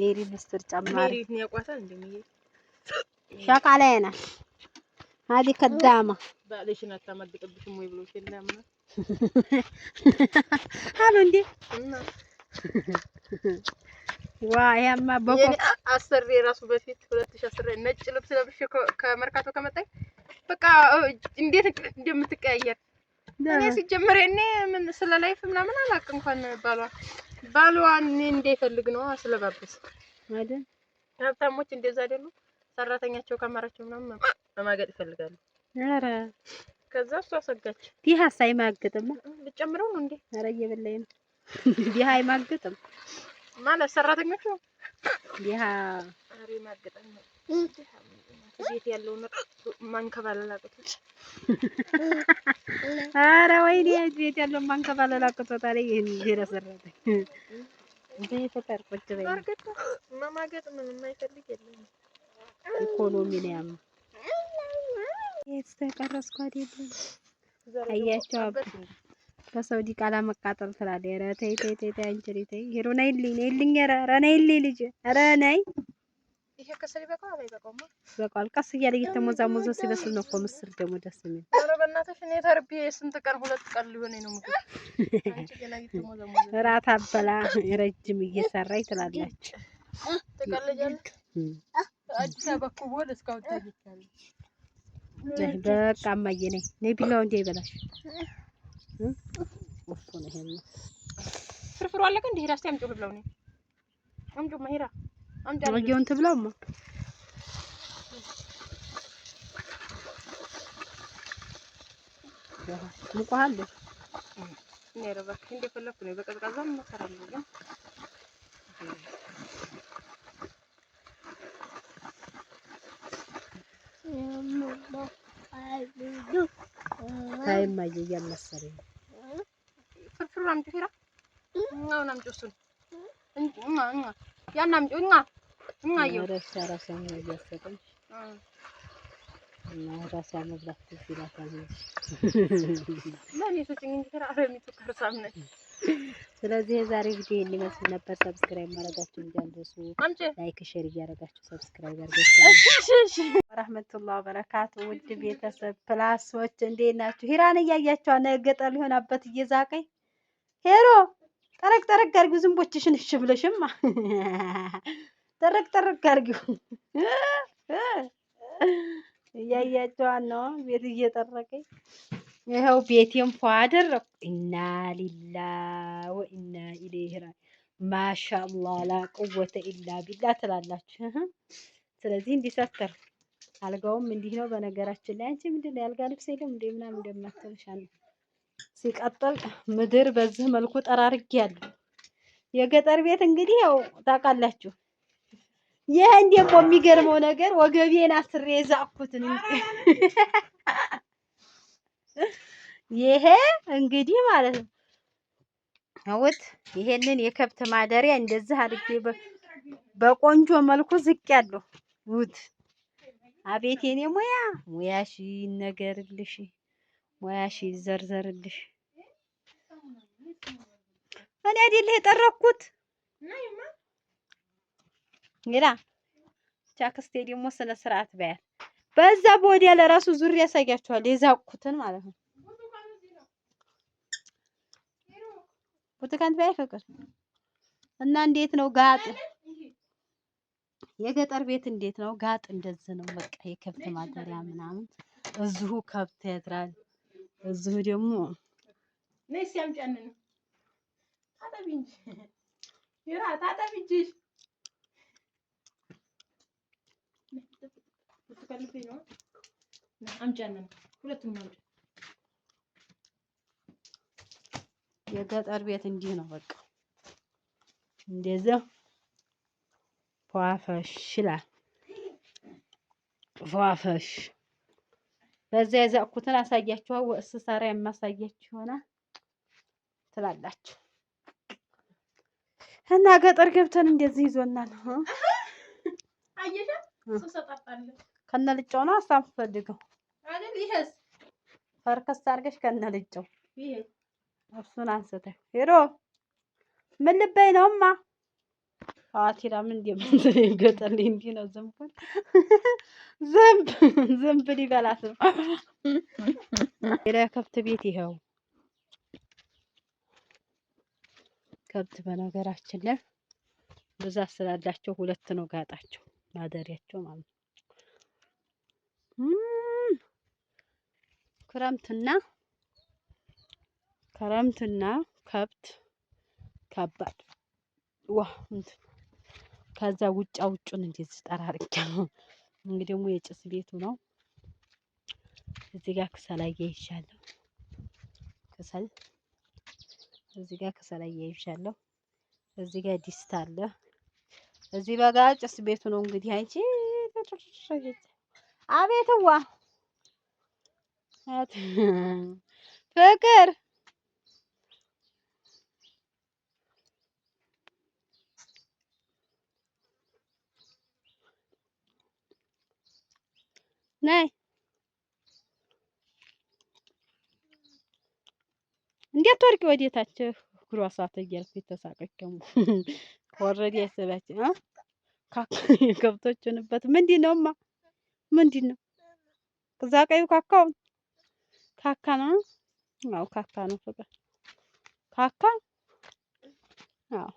ሜሪ ምስር ጨማሪ ሸቃላይ ናት። ሀዲ ከዳማ አሉ እንዴ! ዋ ያማ በቆ አሰሪ ራሱ በፊት 2010 ነጭ ልብስ ለብሼ ከመርካቶ ከመጣኝ በቃ እንዴት እንደምትቀያየር እኔ ሲጀመር እኔ ምን ስለ ላይፍ ምናምን አላውቅ። እንኳን ባሏ ባሏ እኔ እንደፈልግ ነው አስለባበስ አይደል? ሀብታሞች እንደዛ አይደሉ? ሰራተኛቸው ከማራቸው ምናምን በማገጥ ይፈልጋሉ። ኧረ ከዛ እሷ ሰጋች። ዲህ አይማግጥም ልጨምረው ነው እንዴ? ኧረ እየበላኝ ነው። ዲህ አይማግጥም ማለት ሰራተኞቹ ነው ዲህ ኧረ ይማግጣል። ቤት ያለውን ማንከባለል አቅቶች ኧረ ወይኔ ቤት ያለው ማንከባለል አቅቶታል። ይሄን እንዴ በፈጠር ቁጭ በይ መማገጥ ምን የማይፈልግ የለም። ኢኮኖሚ ነው ያለው። የተቀረጽኩ አይደለም አያቸው በሰው ዲቃላ መቃጠል ስላለ ኧረ ተይ ተይ ተይ ተይ አንቺ ተይ ሄሮ ነይልኝ ነይልኝ ኧረ ኧረ ነይልኝ ልጄ ኧረ ነይ በቃል ቀስ እያለ እየተሞዛሞዘ ሲበስል ነው እኮ ምስር ደግሞ ደስ የሚል። ኧረ በእናትሽ እኔ ተርቤ የስንት ቀን ሁለት ቀን ሊሆነኝ ነው ምግብ እራት አበላ ረጅም እየሰራች ትላላችሁ። ትቀልጃለሽ። አዲስ አበባ እኮ በቃ እማዬ ነኝ። ነይ ቢላው እንደ ይበላሽ ፍርፍሩ አለቀ። እንደ ሄዳ እስኪ አምጪው ልብለው። ነይ አምጪውማ ሄዳ አረጌውን ትብላማ። ሙቀሃል እባክህ እንደፈለኩ ነው። በቀዝቃዛ ግን አሁን እሱን ያን አምጪው እና እና ስለዚህ የዛሬ ቪዲዮ ይህን ይመስል ነበር። ሰብስክራይብ ማድረጋችሁ እንዳትረሱ። ላይክ፣ ሼር እያደረጋችሁ ሰብስክራይብ አድርጉ። ወራህመቱላሂ ወበረካቱ። ውድ ቤተሰብ ፕላሶች እንዴት ናችሁ? ሂራን እያያችሁ ገጠር ሊሆን እየዛቀኝ ሄሮ ጠረቅ ጠረቅ አድርጊው። ዝንቦችሽን እሽ ብለሽማ ጠረቅ ጠረቅ አድርጊው። እያያቸዋን ነው ቤት እየጠረቀኝ ይኸው ቤቴም ፏ አደረኩ። ኢና ሊላ ወኢና ኢለይሂ ራጂዑን። ማሻአላ ላ ቁወተ ኢላ ቢላ ትላላችሁ። ስለዚህ እንዲሰተር አልጋውም እንዲህ ነው። በነገራችን ላይ አንቺ ምንድን ነው ያልጋ ልብስ የለም እንደ ምናምን እንደማትልሽ ሲቀጥል ምድር በዚህ መልኩ ጠራርጌ ያለሁ የገጠር ቤት እንግዲህ ያው ታውቃላችሁ። ይሄን ደግሞ የሚገርመው ነገር ወገቤን አስሬ የዛቅኩትን ይሄ እንግዲህ ማለት ነው አውት ይሄንን የከብት ማደሪያ እንደዚህ አድርጌ በቆንጆ መልኩ ዝቅ ያለሁ ውት አቤት የኔ ሙያ ሙያሽ ይነገርልሽ ሙያሽ ይዘርዘርልሽ። እኔ አይደለሁ የጠረኩት። ግላ ቻክስቴ ደግሞ ስነ ስርዓት በያል። በዛ በወዲያ ለራሱ ዙር ያሳያችኋል የዛቁትን ማለት ነው። ብርቱካን በያይ ፍቅር እና እንዴት ነው ጋጥ የገጠር ቤት እንዴት ነው ጋጥ? እንደዚህ ነው በቃ የከብት ማደሪያ ምናምን፣ እዚሁ ከብት ያድራል፣ እዚሁ ደግሞ ታጠቢ እንጂ ይራ ታጠቢ እንጂ ልትከልብኝ ነው። አምጫነን ሁለቱም አምጫ። የገጠር ቤት እንዲህ ነው በቃ እንደዛ ፏፈሽ ይላል። ፏፈሽ በዚያ የዛኩትን አሳያችኋል። ስሰራ የማሳያችሁ ይሆናል ትላላችሁ። እና ገጠር ገብተን እንደዚህ ይዞናል። ከነ ልጫው ነው አሳ የምትፈልገው ፈርከስ አድርገሽ ከነ ልጫው እሱን አንስተሽ ሄሮ ምን ልበይ ነውማ አዋቲራ ምን እንደምን ገጠር ላይ እንዲህ ነው። ዝንብ ዝንብ ዝንብ ሊበላት ነው። የከብት ቤት ይኸው ከብት በነገራችን ላይ ብዛት ስላላቸው ሁለት ነው ጋጣቸው ማደሪያቸው ማለት ነው። ክረምትና ክረምትና ከብት ከባድ ዋ ከዛ ውጫ ውጩን እንዴት ዝጠራርቅ እንግዲህ ደግሞ የጭስ ቤቱ ነው። እዚህ ጋር ክሰል አያይሻለሁ ክሰል እዚህ ጋር ከሰል አያይዣለሁ። እዚህ ጋር ዲስት አለ። እዚህ በጋ ጭስ ቤቱ ነው እንግዲህ። አንቺ አቤትዋ ፍቅር ነይ እንዴት ወርቂ ወዴታችሁ እግሯ ሳት እያልኩ የተሳቀች ደግሞ ወረድ ያሰበች ገብቶችንበት ምንድን ነውማ? ምንድን ነው እዛ ቀዩ ካካው ካካ ነው። አዎ ካካ ነው። ፍቅር ካካ አዎ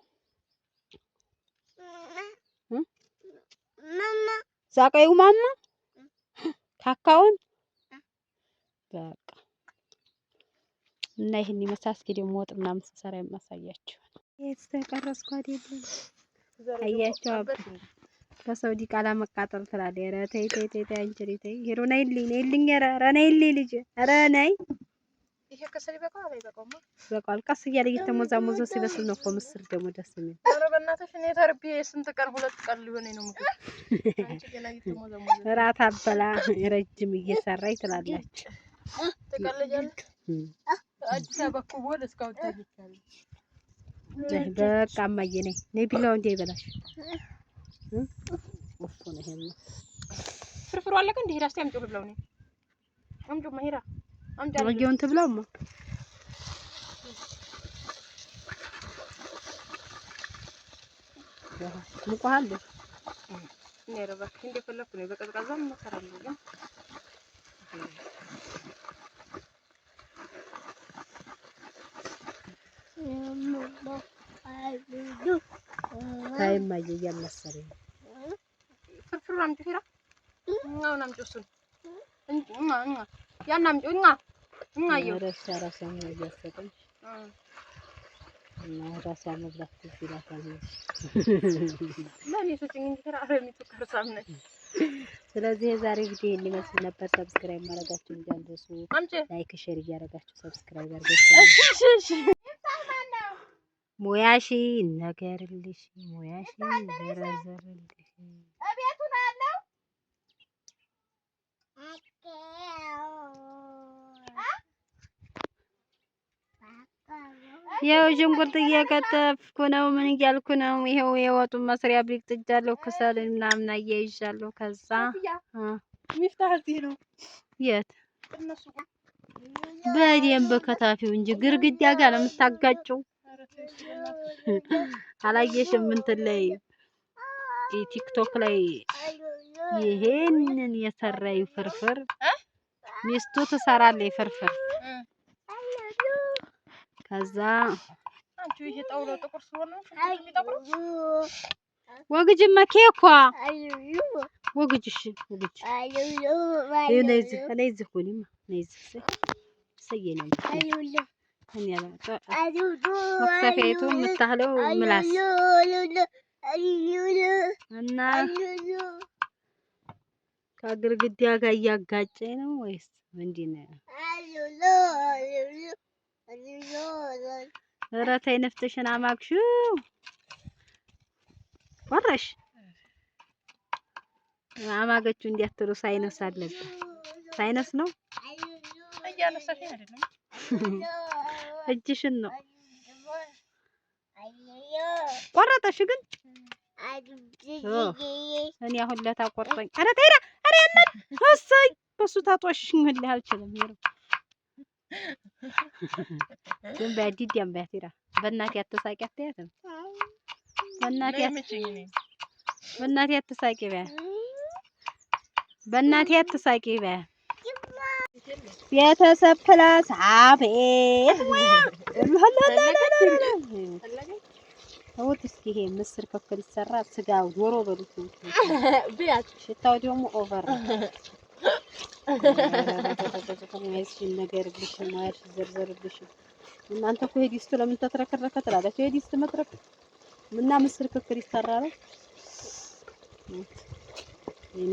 ማማ ዛቀዩ ማማ ካካውን እና ይህን ይመስላል። እስኪ ደግሞ ወጥ ምናምን ስንሰራ የማሳያችኋል። የተቀረጽኩ አይደለም በሰው ዲቃላ መቃጠል ትላለች። ኧረ ተይ ተይ ተይ ተይ አንቺ ልጅ ተይ። ሄሮ ነይልኝ ነይልኝ፣ ኧረ ነይልኝ ልጅ፣ ኧረ ነይ። ይሄ ከሰል አይበቃውም? በቃል ቀስ እያለ እየተሞዛሞዘ ሲበስል ነው እኮ ምስር ደግሞ ደስ የሚል። ኧረ በእናትሽ እኔ ተርቤ ስንት ቀን ሁለት ቀን ሊሆነኝ ነው ምግብ። እራት አበላ ረጅም እየሰራች ትላላችሁ። አዲስ አበባ እኮ በሆነ እስካሁን ታይቻለሁ። በቃ እማዬ ነኝ። ነይ ቢላው ይበላሽ ነው። ይሄማ ፍርፍሩ አለቀ። እንደ ሄዳ እስኪ አምጪው ትብላውማ። እንደ እንደፈለኩ ነው። በቀዝቃዛም እሰራለሁ ማየ እያመሰለኝ ነው። ፍርፍሩን አምጪው ሂራ፣ እኛውን አምጪው፣ እሱን ያን አምጪው። እኛ እኛ ረሳ ረሳ ነው እያሰጠኝ እና እራሷ መብላት ትዝ ይላታል። ለእኔ ስጪኝ እንጂ ሂራ፣ በሚቱ ከርሳም ነች። ስለዚህ የዛሬ ቪዲዮ ይመስል ነበር። ሰብስክራይብ ማድረጋችሁ እንዳትረሱ። ላይክ ሼር እያደረጋችሁ ሰብስክራይብ አድርጋችሁ ሙያሽ ነገርልሽ ሙያሽ ይዘረዘርልሽ ያው ነው ያለው። ሽንኩርት እየከተፍኩ ነው። ምን እያልኩ ነው? ይኸው የወጡን መስሪያ አለው ክሰል ምናምን አያይዣለሁ። ከዛ የት በደንብ ከታፊው እንጂ ግርግዳ ጋር ነው የምታጋጭው። አላየሽም? እንትን ላይ ቲክቶክ ላይ ይሄንን የሰራ ፍርፍር ሚስቱ ትሰራለች ፍርፍር። ከዛ ወግጅ ኬኳ ወግጅሽ ወግጅ ነይዝ ነይዝ ሁኒማ ነይዝ ሰየነኝ መክተፊያይቱ የምታህለው ምላስ እና ከግድግዳ ጋር እያጋጨ ነው ወይስ እንዲህ ነው? ኧረ ተይ ወረሽ ሳይነስ አለበት። ሳይነስ ነው። እጅሽን ነው ቆረጠሽ ግን እኔ አሁን ለታ ቆርጠኝ። ኧረ ተይ ኧረ ያንን እሰይ በእሱ ታጦሽኝ እልህ አልችልም። ግን በእናቴ አትሳቂ አትያትም። በእናቴ አትሳቂ በያ በእናቴ አትሳቂ በያ ቤተሰብ ፕላስ አቤት ተውት እስኪ ይሄ ምስር ክፍል ይሰራል። ስጋው ዶሮ በሉት ሽታው ደግሞ ኦቨር ማየትሽን ነገርልሽን ማየትሽን እናንተ እኮ ይሄ ለምን ተትረከረከ ትላለች። ይሄ መትረክ እና ምስር ክፍል ይሰራል እኔ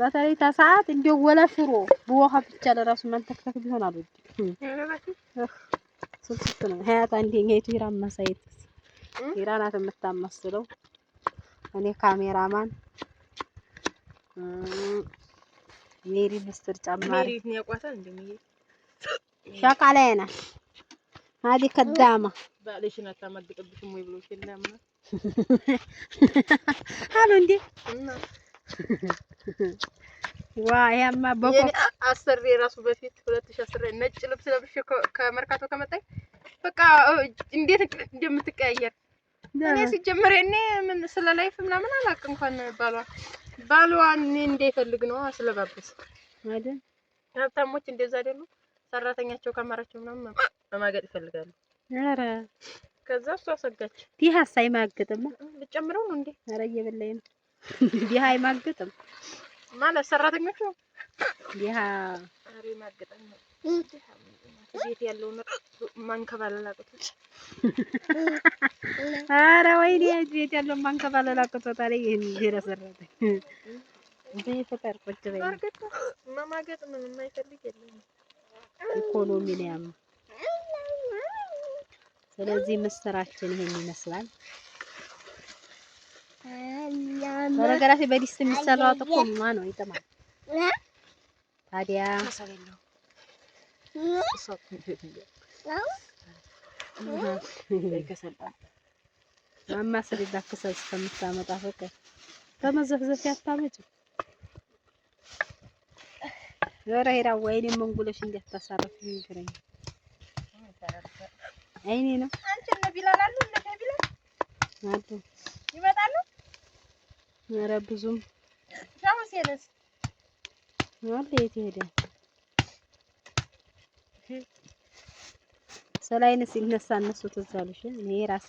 በተለይ ተሰዓት እንዲያው ወላ በውሃ ብቻ ለራሱ መንተክተክ ቢሆን አልወድም። ስልስት ነው ሀያት አንዴ ሄቱ ሂራን ማሳየት ናት የምታመስለው እኔ ካሜራማን ሜሪ ምስጥር ጨማሪ ሸቃላይ ናት። አዲ ከዳማ ባለሽ ነው ታመድቅብሽ ወይ ብሎ ሲላማ አሉ እንዴ ዋ ያማ በቆ አስር የራሱ በፊት 2010 ነጭ ልብስ ለብሽ ከመርካቶ ከመጣኝ በቃ እንዴት እንደምትቀያየር እኔ ሲጀመር እኔ ምን ስለ ላይፍ ምናምን አላውቅ። እንኳን ባሏ ባሏ እኔ እንዳይፈልግ ነው አስለባበስ ማለት ሀብታሞች እንደዛ አይደሉ? ሰራተኛቸው ከማራቸው ምናምን መማገጥ ይፈልጋሉ። ኧረ ከዛ እሱ አሰጋች። ይህ ሀሳይ ማገጥማ ልጨምረው ነው እንዴ? ኧረ እየበላኝ ነው ዲሃ አይማግጥም ማለት ሰራተኞች ነው። ዲሃ አሪ ማግጠም ነው። ቤት ያለው ማንከባለል አረ ኧረ ወይኔ ቤት ያለው ማንከባለል አቅቶት አለ። ይሄን ዲራ ሰራተኝ እንዴ ፈጠር ቁጭ በይ። ማማገጥ ምን የማይፈልግ የለም። ኢኮኖሚ ነው ያማ። ስለዚህ ምስራችን ይሄን ይመስላል። በነገራችን በዲስት የሚሰራው ጥቁማ ነው ይጥማል። ታዲያ ማማሰል ይዳክሳል እስከምታመጣ ፈቀድ በመዘፍዘፍ ያታመጭ ዞረ ሄዳ ወይኔ መንጉለሽ እንዲያታሳረፍ ይግረኝ አይኔ ነው አንተ ነብላላሉ ነብላ ይመጣሉ ኧረ ብዙም የት ሄደ? ሰላይነት ሲነሳ እነሱ ትዝ አሉሽ እኔ ራሴ